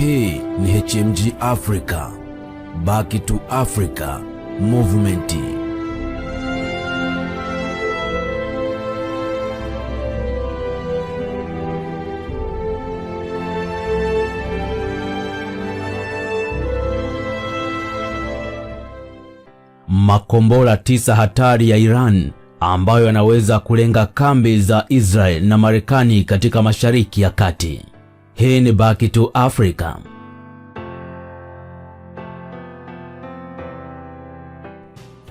Hii ni HMG Africa, Back to Africa Movement. Makombora tisa hatari ya Iran ambayo yanaweza kulenga kambi za Israel na Marekani katika Mashariki ya Kati. Hii ni Back to Africa.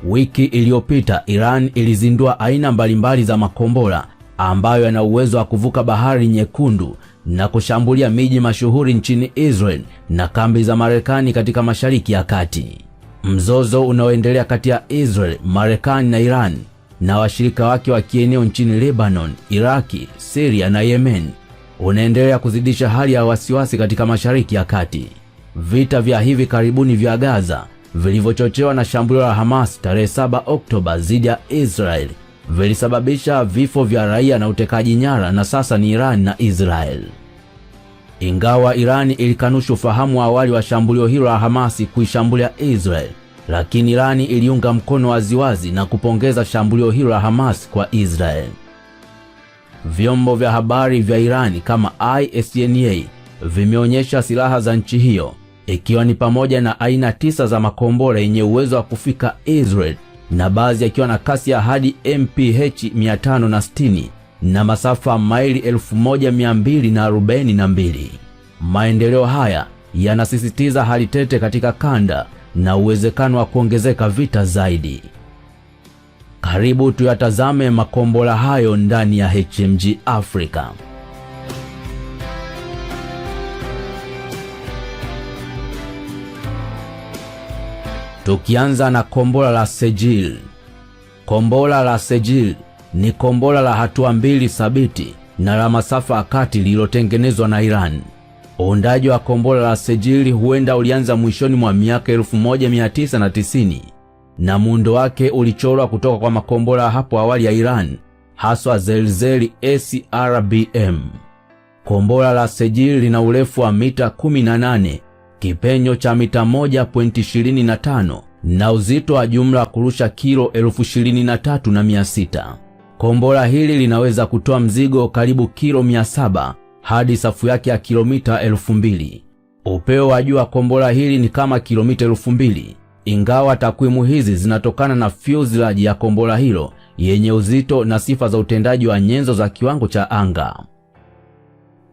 Wiki iliyopita Iran ilizindua aina mbalimbali za makombora ambayo yana uwezo wa kuvuka bahari nyekundu na kushambulia miji mashuhuri nchini Israel na kambi za Marekani katika Mashariki ya Kati. Mzozo unaoendelea kati ya Israel, Marekani na Iran na washirika wake wa kieneo nchini Lebanon, Iraki, Syria na Yemen unaendelea kuzidisha hali ya wasiwasi katika Mashariki ya Kati. Vita vya hivi karibuni vya Gaza vilivyochochewa na shambulio la Hamas tarehe 7 Oktoba dhidi ya Israeli vilisababisha vifo vya raia na utekaji nyara, na sasa ni Irani na Israeli. Ingawa Irani ilikanusha ufahamu wa awali wa shambulio hilo la Hamasi kuishambulia Israeli, lakini Irani iliunga mkono waziwazi na kupongeza shambulio hilo la Hamas kwa Israeli. Vyombo vya habari vya Irani kama ISNA vimeonyesha silaha za nchi hiyo ikiwa ni pamoja na aina tisa za makombora yenye uwezo wa kufika Israel na baadhi yakiwa na kasi ya hadi MPH 560 na masafa maili 1242. Maendeleo haya yanasisitiza hali tete katika kanda na uwezekano wa kuongezeka vita zaidi. Karibu tuyatazame makombora hayo ndani ya HMG Africa. Tukianza na kombora la Sejil. Kombora la Sejil ni kombora la hatua mbili thabiti na la masafa ya kati lililotengenezwa na Iran. Uundaji wa kombora la Sejili huenda ulianza mwishoni mwa miaka 1990 na muundo wake ulichorwa kutoka kwa makombora hapo awali ya Iran, haswa Zelzeli SRBM. Kombora la Sejil lina urefu wa mita 18, kipenyo cha mita 1.25 na uzito wa jumla wa kurusha kilo elfu na tatu na sita. Kombora hili linaweza kutoa mzigo karibu kilo 700 saba hadi safu yake ya kilomita 2000. mbili. Upeo wa juu wa kombora hili ni kama kilomita elfu mbili. Ingawa takwimu hizi zinatokana na fuselage ya kombora hilo yenye uzito na sifa za utendaji wa nyenzo za kiwango cha anga.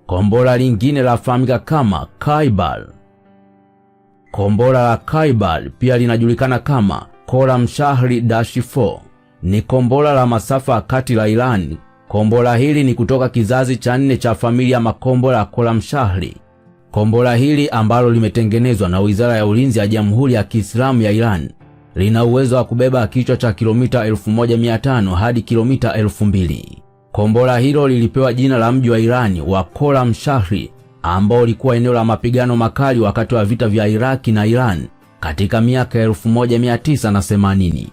Kombora lingine lafahamika kama Kaibal. Kombora la Kaibal pia linajulikana kama Koram Shahri Dashi 4. Ni kombora la masafa kati la Irani. Kombora hili ni kutoka kizazi cha nne cha familia ya makombora ya Koram Shahri Kombora hili ambalo limetengenezwa na Wizara ya Ulinzi ya Jamhuri ya Kiislamu ya Iran lina uwezo wa kubeba kichwa cha kilomita 1500 hadi kilomita 2000. Kombora hilo lilipewa jina la mji wa Irani wa Koram Shahri ambao ulikuwa eneo la mapigano makali wakati wa vita vya Iraki na Iran katika miaka ya 1980.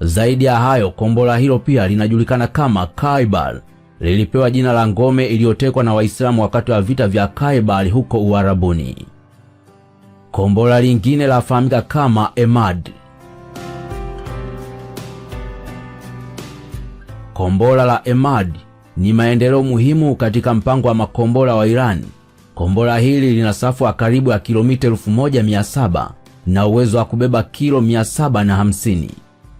Zaidi ya hayo, kombora hilo pia linajulikana kama Kaibar lilipewa jina la ngome iliyotekwa na Waislamu wakati wa vita vya Kaibali huko Uarabuni. Kombora lingine lafahamika kama Emad. Kombora la Emad ni maendeleo muhimu katika mpango wa makombora wa Iran. Kombora hili lina safu ya karibu ya kilomita saba na uwezo wa kubeba kilo 750.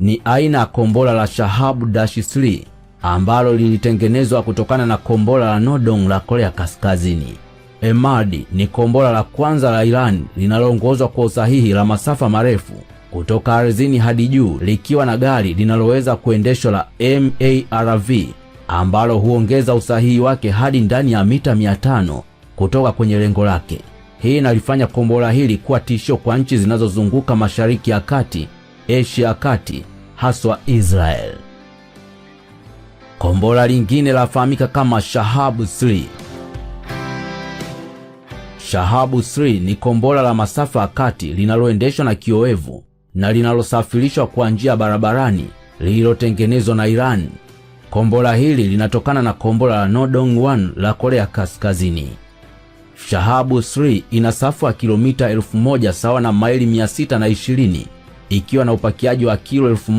Ni aina ya kombora la Shahab-3 ambalo lilitengenezwa kutokana na kombora la Nodong la Korea Kaskazini. Emadi ni kombora la kwanza la Iran linaloongozwa kwa usahihi la masafa marefu kutoka ardhini hadi juu likiwa na gari linaloweza kuendeshwa la MARV ambalo huongeza usahihi wake hadi ndani ya mita 500 kutoka kwenye lengo lake. Hii inalifanya kombora hili kuwa tisho kwa nchi zinazozunguka Mashariki ya Kati, Asia ya Kati, haswa Israeli. Kombora lingine lafahamika kama Shahabu 3. Shahabu 3 ni kombora la masafa ya kati linaloendeshwa na kioevu na linalosafirishwa kwa njia barabarani lililotengenezwa na Iran. Kombora hili linatokana na kombora la Nodong-1 la Korea Kaskazini. Shahabu 3 ina safu ya kilomita 1000 sawa na maili 620 ikiwa na upakiaji wa kilo elfu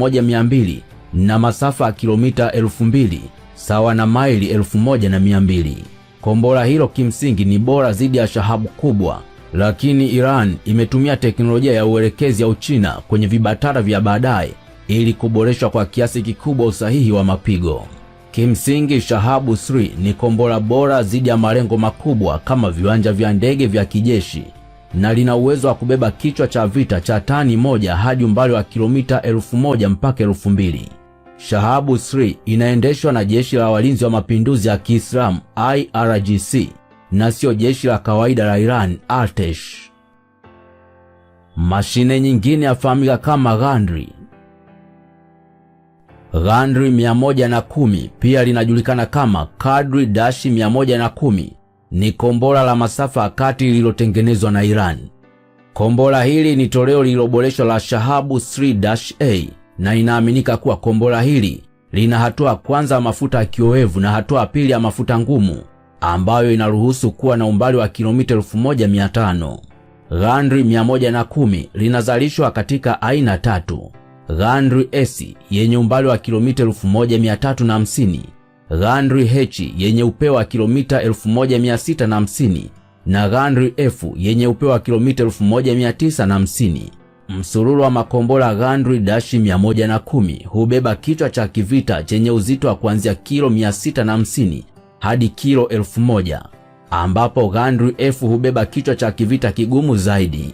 na masafa ya kilomita elfu mbili sawa na maili elfu moja na mia mbili. Kombora hilo kimsingi ni bora zidi ya shahabu kubwa, lakini Iran imetumia teknolojia ya uelekezi ya Uchina kwenye vibatara vya baadaye ili kuboreshwa kwa kiasi kikubwa usahihi wa mapigo. Kimsingi, shahabu 3 ni kombora bora zidi ya malengo makubwa kama viwanja vya ndege vya kijeshi na lina uwezo wa kubeba kichwa cha vita cha tani moja hadi umbali wa kilomita elfu moja mpaka elfu mbili. Shahabu 3 inaendeshwa na jeshi la walinzi wa mapinduzi ya Kiislamu IRGC na sio jeshi la kawaida la Iran Artesh. Mashine nyingine yafahamika kama gandri. Gandri 110 pia linajulikana kama kadri dashi 110 ni kombora la masafa ya kati lililotengenezwa na Iran. Kombora hili ni toleo lililoboreshwa la Shahabu 3-A na inaaminika kuwa kombora hili lina hatua kwanza ya mafuta ya kiowevu na hatua pili ya mafuta ngumu ambayo inaruhusu kuwa na umbali wa kilomita 1500. Gandri 110 linazalishwa katika aina tatu: Gandri S yenye umbali wa kilomita 1350, Gandri H yenye upeo wa kilomita 1650 na Gandri F yenye upeo wa kilomita 1950. Msururu wa makombora Gandri dashi 110 hubeba kichwa cha kivita chenye uzito wa kuanzia kilo 650 hadi kilo 1000 ambapo Gandri F hubeba kichwa cha kivita kigumu zaidi.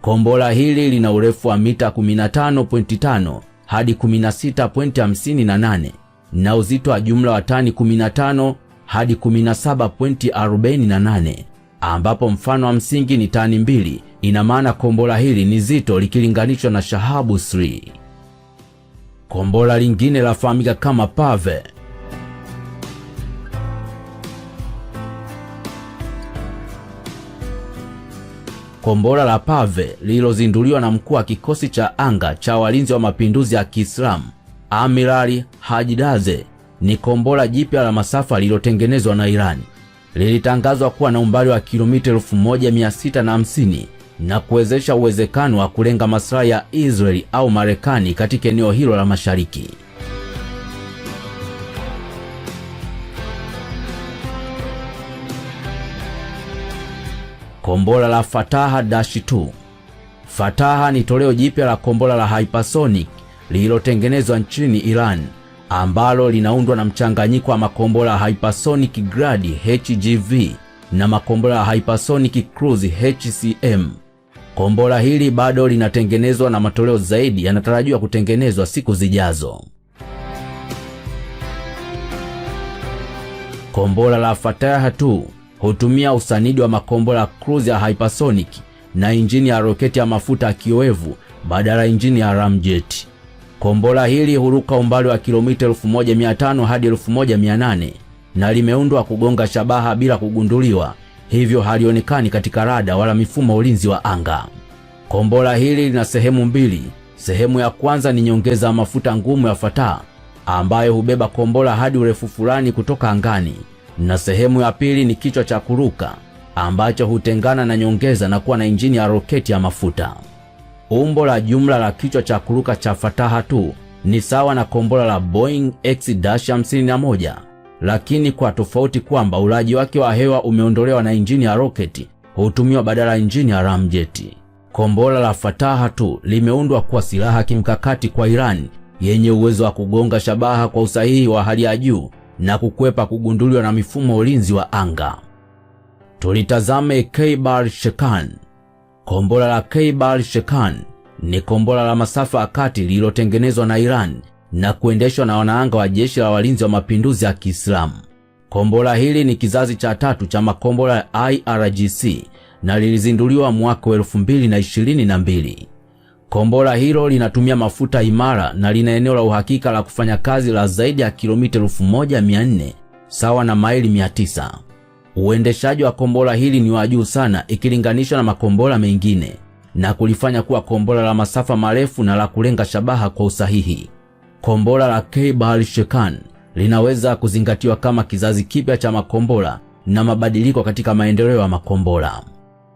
Kombora hili lina urefu wa mita 15.5 hadi 16.58 na uzito wa jumla wa tani 15 hadi 17.48 ambapo mfano wa msingi ni tani mbili Ina maana kombora hili ni zito likilinganishwa na Shahabu 3. Kombora lingine lafahamika kama Pave. Kombora la Pave lililozinduliwa na mkuu wa kikosi cha anga cha walinzi wa mapinduzi ya Kiislamu Amirali Hajidaze ni kombora jipya la masafa lililotengenezwa na Irani. Lilitangazwa kuwa na umbali wa kilomita 1650 na kuwezesha uwezekano wa kulenga maslahi ya Israeli au Marekani katika eneo hilo la Mashariki. Kombora la Fataha Dash 2. Fataha ni toleo jipya la kombora la hypersonic lililotengenezwa nchini Iran ambalo linaundwa na mchanganyiko wa makombora ya hypersonic Grad HGV na makombora ya hypersonic Cruise HCM. Kombora hili bado linatengenezwa na matoleo zaidi yanatarajiwa kutengenezwa siku zijazo. Kombora la Fataha tu hutumia usanidi wa makombora ya cruise ya hypersonic na injini ya roketi ya mafuta ya kiowevu badala ya injini ya ramjeti. Kombora hili huruka umbali wa kilomita 1500 hadi 1800 na limeundwa kugonga shabaha bila kugunduliwa hivyo halionekani katika rada wala mifumo ulinzi wa anga. Kombora hili lina sehemu mbili. Sehemu ya kwanza ni nyongeza ya mafuta ngumu ya Fatah ambayo hubeba kombora hadi urefu fulani kutoka angani, na sehemu ya pili ni kichwa cha kuruka ambacho hutengana na nyongeza na kuwa na injini ya roketi ya mafuta. Umbo la jumla la kichwa cha kuruka cha Fataha tu ni sawa na kombora la Boeing X-51 lakini kwa tofauti kwamba ulaji wake wa hewa umeondolewa na injini ya roketi hutumiwa badala ya injini ya ramjeti. Kombora la Fataha tu limeundwa kwa silaha kimkakati kwa Irani yenye uwezo wa kugonga shabaha kwa usahihi wa hali ya juu na kukwepa kugunduliwa na mifumo ulinzi wa anga. Tulitazame Kheibar Shekan. Kombora la Kheibar Shekan ni kombora la masafa ya kati lililotengenezwa na Irani na kuendeshwa na wanaanga wa jeshi la walinzi wa mapinduzi ya Kiislamu. Kombora hili ni kizazi cha tatu cha makombora ya IRGC na lilizinduliwa mwaka mbili. Kombora hilo linatumia mafuta imara na lina eneo la uhakika la kufanya kazi la zaidi ya kilomita nne sawa na maili tisa. Uendeshaji wa kombora hili ni wa juu sana ikilinganishwa na makombora mengine na kulifanya kuwa kombora la masafa marefu na la kulenga shabaha kwa usahihi kombora la Kheibar al-Shekan linaweza kuzingatiwa kama kizazi kipya cha makombora na mabadiliko katika maendeleo ya makombora.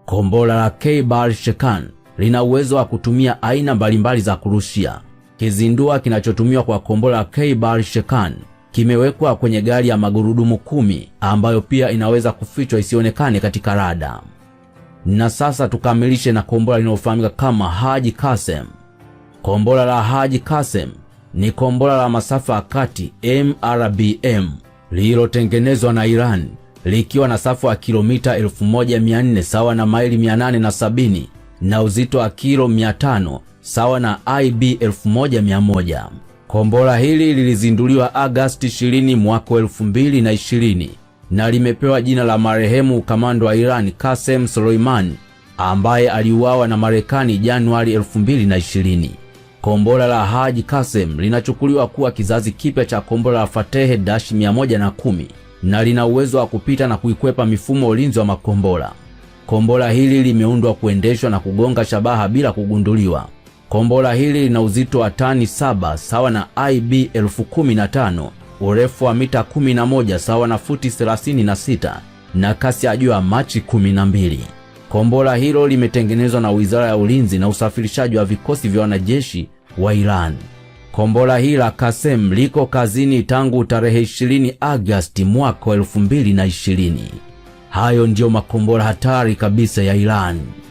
Kombora la Kheibar al-Shekan lina uwezo wa kutumia aina mbalimbali za kurushia. Kizindua kinachotumiwa kwa kombora la Kheibar al-Shekan kimewekwa kwenye gari ya magurudumu kumi ambayo pia inaweza kufichwa isionekane katika rada. Na sasa tukamilishe na kombora linalofahamika kama Haji Kasem. Kombora la Haji Kasem ni kombora la masafa ya kati MRBM lililotengenezwa na Iran likiwa na safu ya kilomita 1400 sawa na maili 870 na uzito wa kilo 500 sawa na IB 1100. Kombora hili lilizinduliwa Agasti 20 mwaka 2020 na limepewa jina la marehemu kamando wa Iran Kasem Soleimani ambaye aliuawa na Marekani Januari 2020. Kombora la Haji Kasem linachukuliwa kuwa kizazi kipya cha kombora la Fatehe Dash 110 na lina uwezo wa kupita na kuikwepa mifumo ulinzi wa makombora. Kombora hili limeundwa kuendeshwa na kugonga shabaha bila kugunduliwa. Kombora hili lina uzito wa tani saba sawa na IB 1015, urefu wa mita 11 sawa na futi 36 na kasi ya juu ya Machi 12. Kombora hilo limetengenezwa na Wizara ya Ulinzi na Usafirishaji wa Vikosi vya Wanajeshi wa Iran. Kombora hili la Kasem liko kazini tangu tarehe 20 Agosti mwaka 2020. Hayo ndiyo makombora hatari kabisa ya Iran.